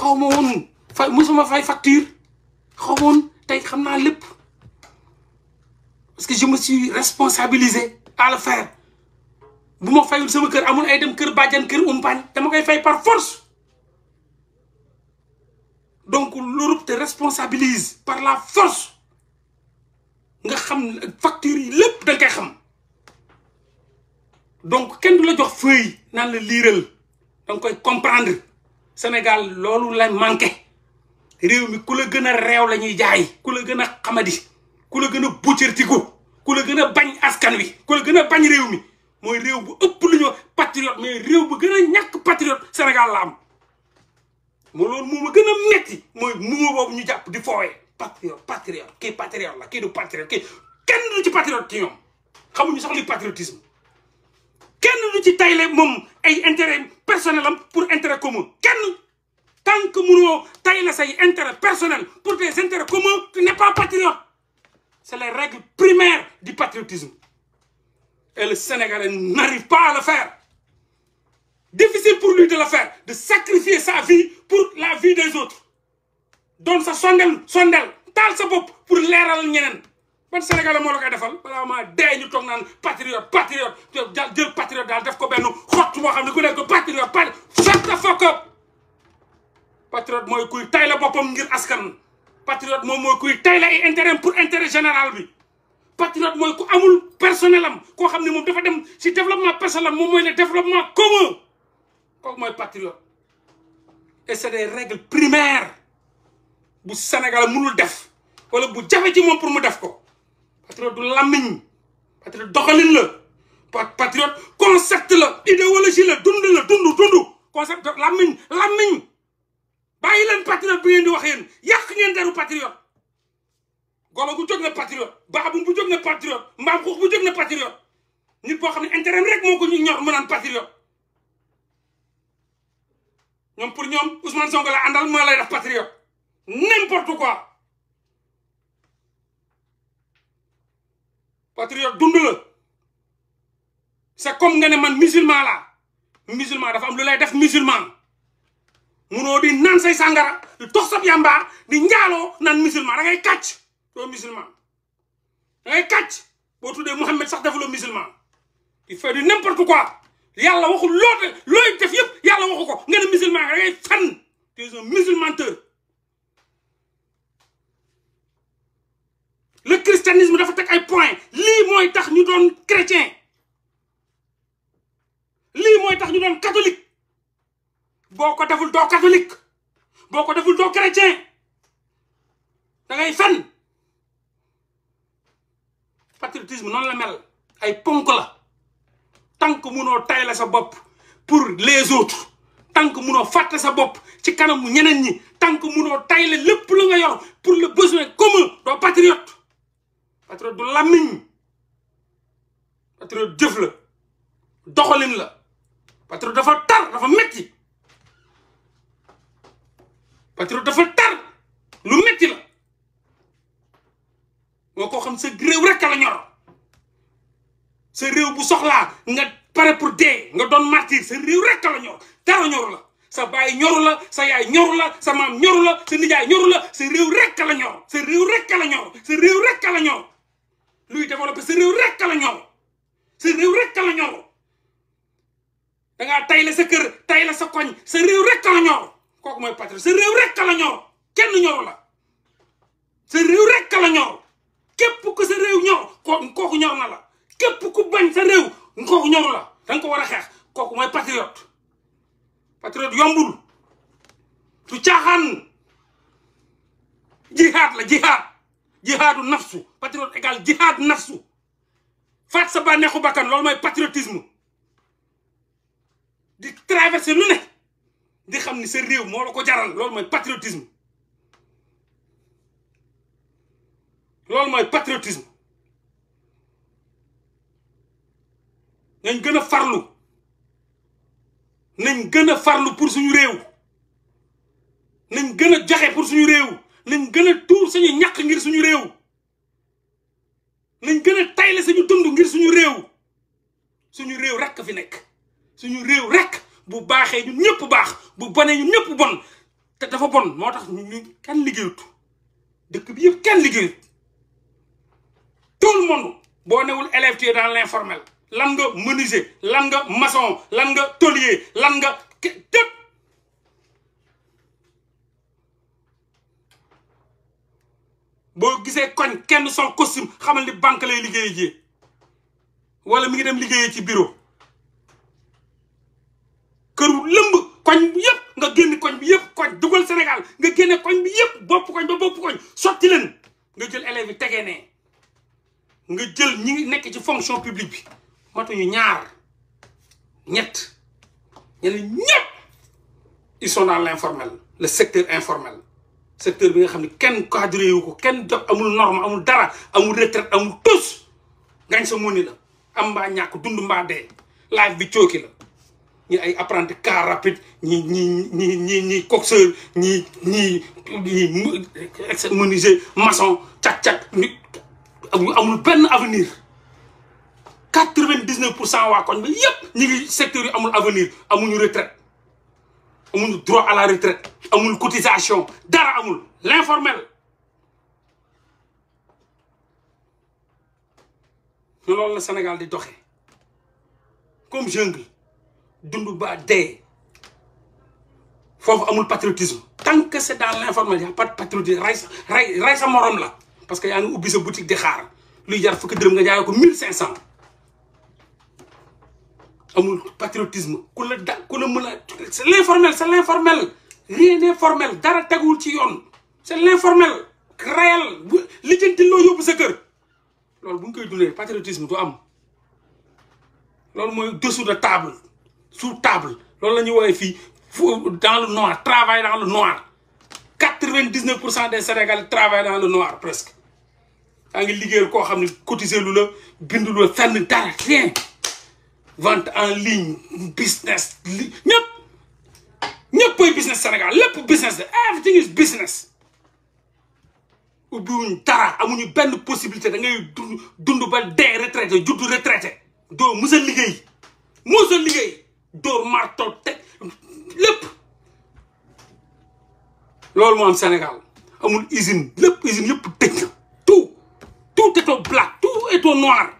xaw ma woon fay fay facture xaw ma woon tey xam naa lépp parce que je me suis responsabilisé à le faire bu ma fayul sama kër amul ay dem kër bàjjan kër umpaañ dama koy fay par force donc l'Europe te responsabilise par la force nga xam facture yi lépp da koy xam donc kenn du la jox feuille naan la liiral da nga koy comprendre Sénégal loolu la manqué réew mi ku la gën a réew la ñuy jaay ku la gën a xamadi ku la gën a buccërtiku ku la gën a bañ askan wi ku la gën a bañ réew mi mooy réew bu ëpp lu ñu patriote mais réew bu gën a ñàkk patriote Sénégal la am moo loolu moo ma gën a metti mooy muuma boobu ñu jàpp di foowee patriote patriote kii patriote la kee du patriote kii kenn du ci patriote ci ñoom xamuñu sax li patriotisme kenn du ci tayle moom ay intérêt personnel am pour intérêt commun kenn tant que mënoo tay say intérêt personnel pour des intérêts communs tu n'es pas patriote les règles primaires du patriotisme et le Sénégalais n'arrive pas à le difficile pour lui de le de sacrifier sa vie pour la vie des autres doon sa sondel sondel taal sa bopp pour leeral ñeneen ban Sénégalais moo la koy defal balaa maa dee ñu toog naan patriote patriote jël patriote daal def patriote moom mooy kuy tayle ay intérêt pour intere général bi patriote mooy ku amul personnel am koo xam ne moom dafa dem si développement personnel am moom mooy le développement commun kooku mooy patriote et c'est des règles primaires bu Sénégal mënul def wala bu jafe ci moom pour mu def ko patriote du làmmiñ patriote doxalin la patriote concept la idéologie la dund la dund dund concept làmmiñ làmmiñ bàyyi leen patriote bu ngeen di yàq ngeen deru patriote golo gu jóg na patriote baabum bu jóg na patriote mbaam xuux bu jóg na patriote nit boo xam ne intérêt rek moo ko ñu ñor mu naan patriote ñoom pour ñoom Ousmane Sonko la àndal moo lay def patriote n'importe quoi patriote dund la c'est comme ne man musulman la musulman dafa am lu lay def musulman munoo di naan say sàngara di tox sab yàmbaar di njaaloo naan musulman da ngay kàcc doo musulman da ngay kàcc boo tuddee Mouhamed sax defuloo musulman il fait du n'importe quoi yàlla waxul loo looy def yëpp yàlla waxu ko nga ne musulman da ngay musulmanteur le christianisme dafa teg ay point lii mooy tax ñu doon chrétien lii mooy tax ñu doon catholique boo ko deful doo catholique boo ko deful doo chrétien da ngay fen patriotisme noonu la mel ay ponk la tant que munoo tay sa bopp pour les autres tant que munoo fàtte sa bopp ci kanamu ñeneen ñi tant que munoo tay la lépp lu nga yor pour le besoin commun doo patriote patriote du làmmiñ patriote jëf la doxalin la patriote dafa tar dafa metti Patriote dafa tar lu metti la moo koo xam sa réew rek la ñor sa réew bu soxlaa nga pare pour dee nga doon martyr sa réew rek la ñor dara ñor la sa baay ñoru la sa yaay ñoru la sa maam ñoru la sa nijaay ñoru la sa réew rek la ñor sa réew rek la ñor sa réew rek la ñor luy développé sa réew rek la ñor sa réew rek la ñor dangaa tay la sa kër tay la sa koñ sa réew rek la ñor kooku mooy patriote sa réew rek ka la ñor kenn ñoru la sa réew rek ka la ñor képp ku sa réew ñor kooku ñor na la képp ku bañ sa réew kooku ñoru la da ko war a xeex kooku mooy patriote patriote yombul du caaxaan jihaad la jihaad jihaadu nafsu patriote égal jihaad nafsu faat sa bànneexu bakkan loolu mooy patriotisme di traverser lu ne di xam ni sa réew moo la ko jaral loolu mooy patriotisme loolu mooy patriotisme nañ gën a farlu nañ gën a farlu pour suñu réew nañ gën a joxe pour suñu réew nañ gën a tuur suñu ñàkk ngir suñu réew nañ gën a tayle suñu dund ngir suñu réew suñu réew rekk fi nekk suñu réew rekk bu baaxee ñun ñëpp baax bu bonee ñun ñëpp bon te dafa bon moo tax ñu ñu kenn liggéeyut dëkk bi yëpp kenn liggéeyut tout le monde boo newul élève tu es dans l'informel lan nga menuisier lan nga maçon lan nga tôlier lan nga tëpp boo gisee koñ kenn sol costume xamal ni banque lay liggéey ji wala mu ngi dem liggéeyee ci bureau dugal Sénégal nga génne koñ bi yëpp bopp koñ ba bopp koñ sotti nga jël élèves yi tegee nee nga jël ñi ngi nekk ci fonction publique bi matuñu ñaar ñett ñeneen ñëpp ils sont dans informel le secteur informel secteur bi nga xam ni kenn cadré wu ko kenn jot amul norme amul dara amul retraite amul tous ngañ sa muni la am mbaa ñàkk dund mbaa dee live bi cooki la ñi ay apprenti car rapide ñi ñi ñi ñi ñi coxeur ñi ñi ñi menuisier maçon cag-cag amul penn avenir quatre-vingt-dix-neuf pour cent waa koñ bi yépp ñi ngi secteurs yu amul avenir amuñu retraite amuñu droit à la retraite amul cotisation dara amul l'informel loolu la Sénégal di doxee comme jungle dund ba dee foofu amul patriotisme tant que c'est dans l'informel y a pas de patriotisme rey sa rey rey sa morom la parce que yaa ngi ubbi sa boutique di xaar luy jar fukki dërëm nga jaayoo ko mille cinq cent amul patriotisme ku la da ku la mën a c'est l'informel c'est l'informel dara teguwul ci yoon c'est l'informel réel bu lijjanti loo yóbbu sa kër loolu bu ñu koy dundee patriotisme du am loolu mooy dessous de table sous table loolu la ñuy woowee fii dans le noir travail dans le noir quatre-vingt-dix-neuf pour cent des Sénégalais travaillent dans le noir presque daa ngi liggéeyal koo xam ne cotiser lu la bindu lu la fenn dara rien vente en ligne business li ñëpp ñëppay business Sénégal lépp business de everything is business ubbiwuñ dara amuñu benn possibilité da ngay dund dund ba dee retraité juddu retraité doo mës liggéey mës liggéey dóor marto teg lépp loolu moo Sénégal amul usine lépp usine yëpp tëj na tout tout est au black tout